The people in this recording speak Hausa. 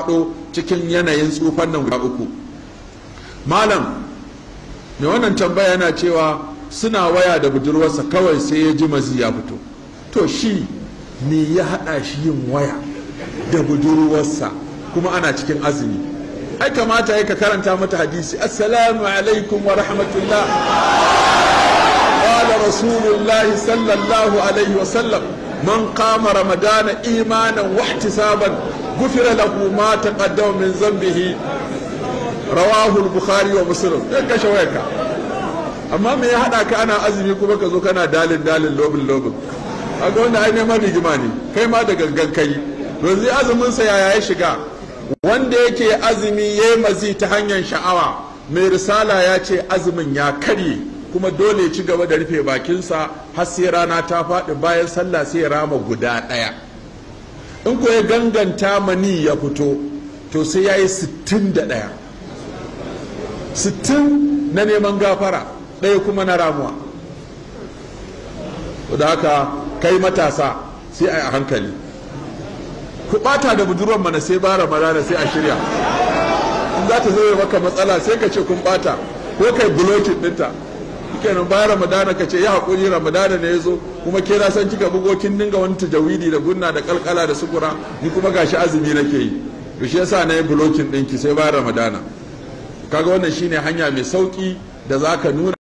faɗo cikin yanayin tsufan nan guda uku malam mai wannan tambaya yana cewa suna waya da budurwarsa kawai sai ya ji mazi ya fito to shi me ya haɗa shi yin waya da budurwarsa kuma ana cikin azumi ai kamata ya ka karanta mata hadisi assalamu alaikum wa rahmatullah qala rasulullahi sallallahu alaihi wa sallam man kama ramadana imanan wahtisaban gufira lahu ma taqaddama min zambihi rawahu al-bukhari wa muslim sai kashe wayarka amma me ya haɗa ka ana azumi kuma ka zo kana dalin dalin lobin lobin ga wanda ai neman rigima kai ma da gangan kai yanzu azumin sa yaya ya shiga wanda yake azumi ya mazi ta hanyar sha'awa mai risala ya ce azumin ya karye kuma dole ci gaba da rufe bakinsa har sai rana ta faɗi bayan sallah sai ya rama guda ɗaya in ko ya ganganta mani ya fito to sai ya yi 61 sittin na neman gafara ɗaya kuma na ramuwa da haka kai matasa sai a yi hankali ku bata da budurwar mana sai bara marana sai a shirya in za ta zai maka matsala sai ka ce kun bata ko kai bulokin ɗinta kenan bayan ramadana ka ce ya haƙuri ramadana ne ya zo kuma ke na san kika bugo kin dinga wani tajawidi da gunna da kalkala da sukura ni kuma gashi azumi nake yi to shi yasa na yi blocking ɗinki sai bayan ramadana kaga wannan shine hanya mai sauki da zaka nuna